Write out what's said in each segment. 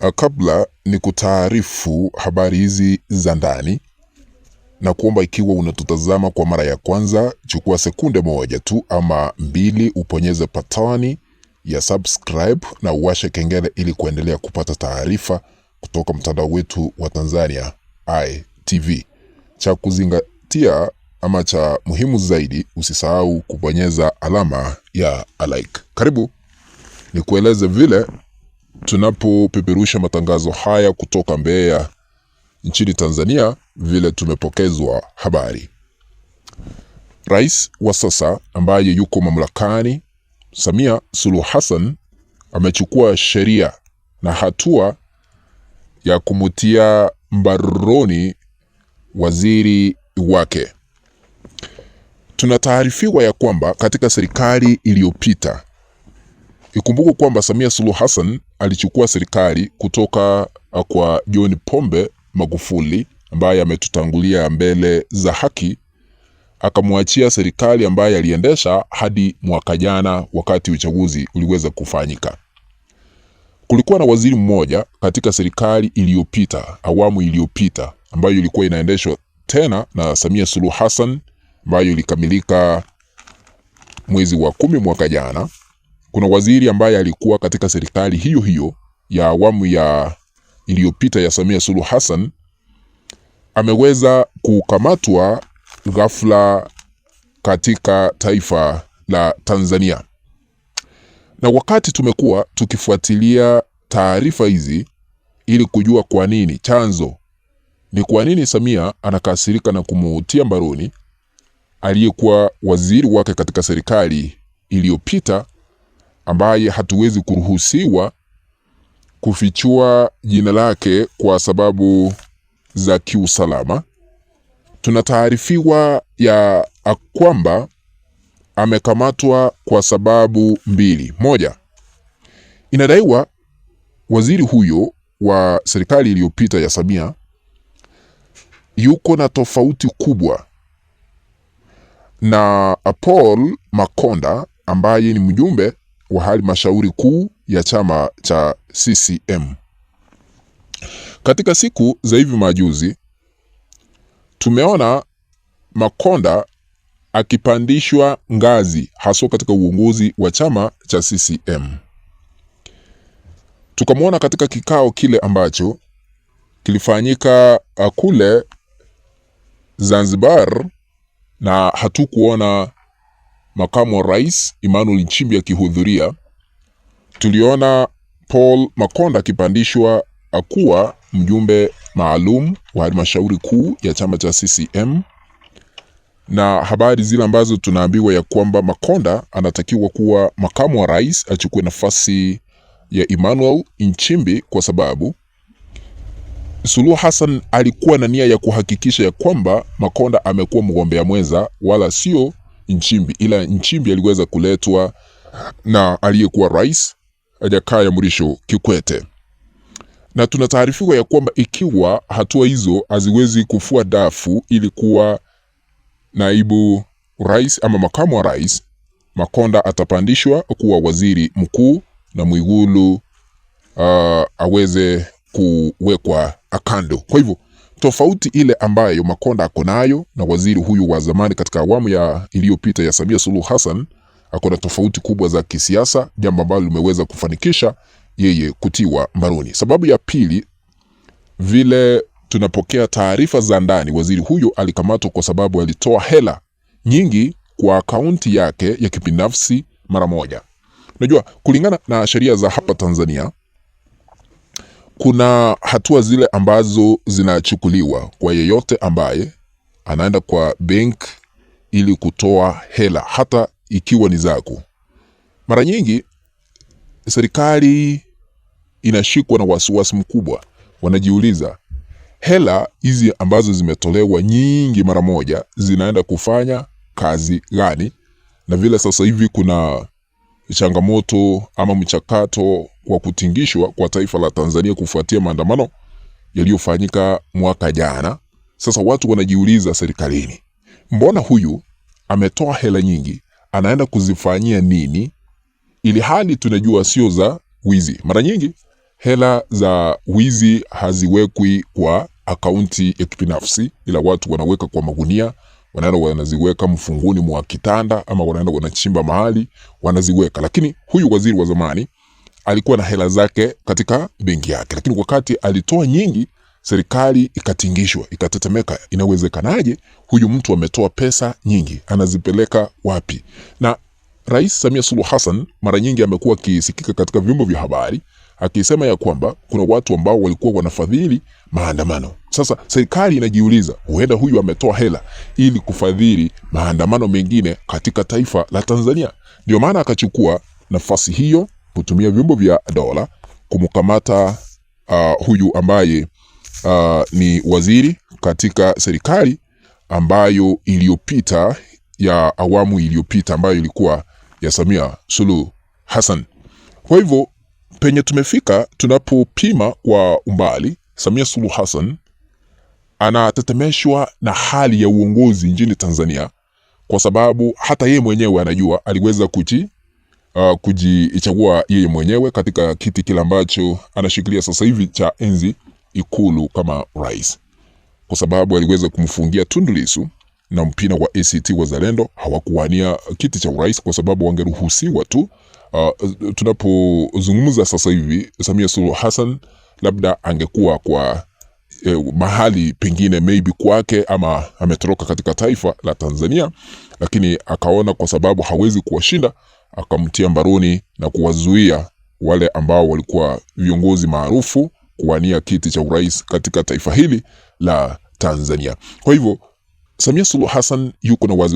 Eh, kabla ni kutaarifu habari hizi za ndani na kuomba ikiwa unatutazama kwa mara ya kwanza, chukua sekunde moja tu ama mbili, uponyeze patani ya subscribe na uwashe kengele ili kuendelea kupata taarifa kutoka mtandao wetu wa Tanzania ITV. Cha kuzingatia ama cha muhimu zaidi, usisahau kubonyeza alama ya like. Karibu nikueleze vile tunapopeperusha matangazo haya kutoka Mbeya nchini Tanzania, vile tumepokezwa habari. Rais wa sasa ambaye yuko mamlakani, Samia Suluhu Hassan amechukua sheria na hatua ya kumutia mbaroni waziri wake. Tunataarifiwa ya kwamba katika serikali iliyopita Ikumbukwe kwamba Samia Suluhu Hassan alichukua serikali kutoka uh, kwa John Pombe Magufuli ambaye ametutangulia mbele za haki, akamwachia serikali ambaye aliendesha hadi mwaka jana wakati uchaguzi uliweza kufanyika. Kulikuwa na waziri mmoja katika serikali iliyopita, awamu iliyopita, ambayo ilikuwa inaendeshwa tena na Samia Suluhu Hassan ambayo ilikamilika mwezi wa kumi mwaka jana kuna waziri ambaye alikuwa katika serikali hiyo hiyo ya awamu ya iliyopita ya Samia Suluhu Hassan ameweza kukamatwa ghafla katika taifa la Tanzania. Na wakati tumekuwa tukifuatilia taarifa hizi ili kujua kwa nini, chanzo ni kwa nini Samia anakasirika na kumuutia mbaroni aliyekuwa waziri wake katika serikali iliyopita ambaye hatuwezi kuruhusiwa kufichua jina lake kwa sababu za kiusalama. Tunataarifiwa ya kwamba amekamatwa kwa sababu mbili. Moja, inadaiwa waziri huyo wa serikali iliyopita ya Samia yuko na tofauti kubwa na Paul Makonda ambaye ni mjumbe wa halmashauri kuu ya chama cha CCM. Katika siku za hivi majuzi tumeona Makonda akipandishwa ngazi haswa katika uongozi wa chama cha CCM. Tukamwona katika kikao kile ambacho kilifanyika uh, kule Zanzibar na hatukuona makamu wa rais Emmanuel Nchimbi akihudhuria, tuliona Paul Makonda akipandishwa akuwa mjumbe maalum wa halmashauri kuu ya chama cha CCM na habari zile ambazo tunaambiwa ya kwamba Makonda anatakiwa kuwa makamu wa rais achukue nafasi ya Emmanuel Nchimbi kwa sababu Suluhu Hassan alikuwa na nia ya kuhakikisha ya kwamba Makonda amekuwa mgombea mwenza wala sio Nchimbi, ila Nchimbi aliweza kuletwa na aliyekuwa rais Jakaya Mrisho Kikwete, na tuna taarifiwa ya kwamba ikiwa hatua hizo haziwezi kufua dafu ili kuwa naibu rais ama makamu wa rais, Makonda atapandishwa kuwa waziri mkuu na Mwigulu uh, aweze kuwekwa akando. Kwa hivyo tofauti ile ambayo Makonda ako nayo na waziri huyu wa zamani katika awamu ya iliyopita ya Samia Suluhu Hassan, ako na tofauti kubwa za kisiasa, jambo ambalo limeweza kufanikisha yeye kutiwa mbaroni. Sababu ya pili, vile tunapokea taarifa za ndani, waziri huyo alikamatwa kwa sababu alitoa hela nyingi kwa akaunti yake ya kibinafsi mara moja. Unajua, kulingana na sheria za hapa Tanzania kuna hatua zile ambazo zinachukuliwa kwa yeyote ambaye anaenda kwa bank ili kutoa hela hata ikiwa ni zako. Mara nyingi serikali inashikwa na wasiwasi mkubwa, wanajiuliza hela hizi ambazo zimetolewa nyingi mara moja zinaenda kufanya kazi gani, na vile sasa hivi kuna changamoto ama mchakato wa kutingishwa kwa taifa la Tanzania kufuatia maandamano yaliyofanyika mwaka jana. Sasa watu wanajiuliza serikalini, mbona huyu ametoa hela nyingi, anaenda kuzifanyia nini, ili hali tunajua sio za wizi. Mara nyingi hela za wizi haziwekwi kwa akaunti ya kibinafsi, ila watu wanaweka kwa magunia wanaenda wanaziweka mfunguni mwa kitanda ama wanaenda wanachimba mahali wanaziweka. Lakini huyu waziri wa zamani alikuwa na hela zake katika benki yake, lakini wakati alitoa nyingi, serikali ikatingishwa, ikatetemeka. Inawezekanaje huyu mtu ametoa pesa nyingi, anazipeleka wapi? Na Rais Samia Suluhu Hassan mara nyingi amekuwa akisikika katika vyombo vya habari akisema ya kwamba kuna watu ambao walikuwa wanafadhili maandamano. Sasa serikali inajiuliza, huenda huyu ametoa hela ili kufadhili maandamano mengine katika taifa la Tanzania. Ndio maana akachukua nafasi hiyo kutumia vyombo vya dola kumkamata uh, huyu ambaye uh, ni waziri katika serikali ambayo iliyopita ya awamu iliyopita ambayo ilikuwa ya Samia Suluhu Hassan. Kwa hivyo penye tumefika tunapopima kwa umbali. Samia Suluhu Hassan anatetemeshwa na hali ya uongozi nchini Tanzania, kwa sababu hata yeye mwenyewe anajua aliweza kuji uh, kujichagua yeye mwenyewe katika kiti kile ambacho anashikilia sasa hivi cha enzi Ikulu kama rais, kwa sababu aliweza kumfungia Tundu Lissu na Mpina wa ACT Wazalendo hawakuwania kiti cha urais kwa sababu wangeruhusiwa tu uh, tunapozungumza sasa hivi Samia Suluhu Hassan labda angekuwa kwa eh, mahali pengine maybe kwake ama ametoroka katika taifa la Tanzania, lakini akaona kwa sababu hawezi kuwashinda akamtia mbaroni na kuwazuia wale ambao walikuwa viongozi maarufu kuwania kiti cha urais katika taifa hili la Tanzania. Kwa hivyo Samia Suluhu Hassan yuko na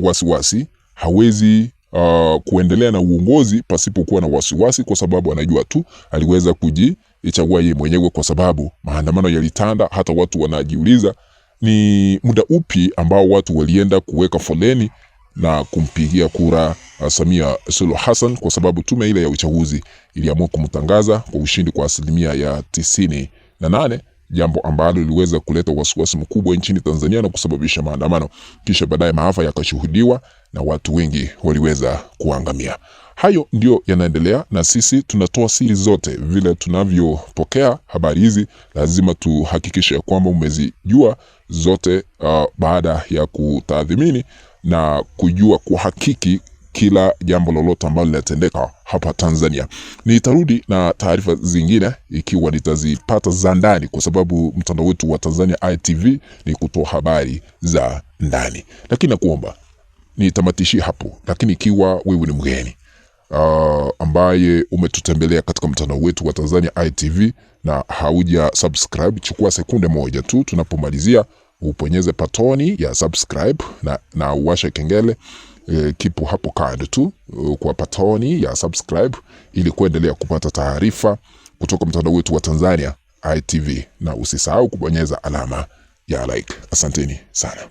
wasiwasi, hawezi uh, kuendelea na uongozi pasipokuwa na wasiwasi, kwa sababu anajua tu aliweza kujichagua yeye mwenyewe, kwa sababu maandamano yalitanda. Hata watu wanajiuliza ni muda upi ambao watu walienda kuweka foleni na kumpigia kura uh, Samia Suluhu Hassan, kwa sababu tume ile ya uchaguzi iliamua kumtangaza kwa ushindi kwa asilimia ya tisini na nane jambo ambalo liliweza kuleta wasiwasi mkubwa nchini Tanzania na kusababisha maandamano, kisha baadaye maafa yakashuhudiwa na watu wengi waliweza kuangamia. Hayo ndio yanaendelea, na sisi tunatoa siri zote. Vile tunavyopokea habari hizi, lazima tuhakikishe ya kwamba umezijua zote, uh, baada ya kutathmini na kujua kuhakiki kila jambo lolote ambalo linatendeka hapa Tanzania. Nitarudi na taarifa zingine ikiwa nitazipata za ndani, kwa sababu mtandao wetu wa Tanzania ITV ni kutoa habari za ndani, lakini nakuomba nitamatishie hapo. Lakini ikiwa wewe ni mgeni Uh, ambaye umetutembelea katika mtandao wetu wa Tanzania ITV na hauja subscribe, chukua sekunde moja tu tunapomalizia, uponyeze patoni ya subscribe na, na uwashe kengele e, kipo hapo kando tu e, kwa patoni ya subscribe ili kuendelea kupata taarifa kutoka mtandao wetu wa Tanzania ITV, na usisahau kubonyeza alama ya like. Asanteni sana.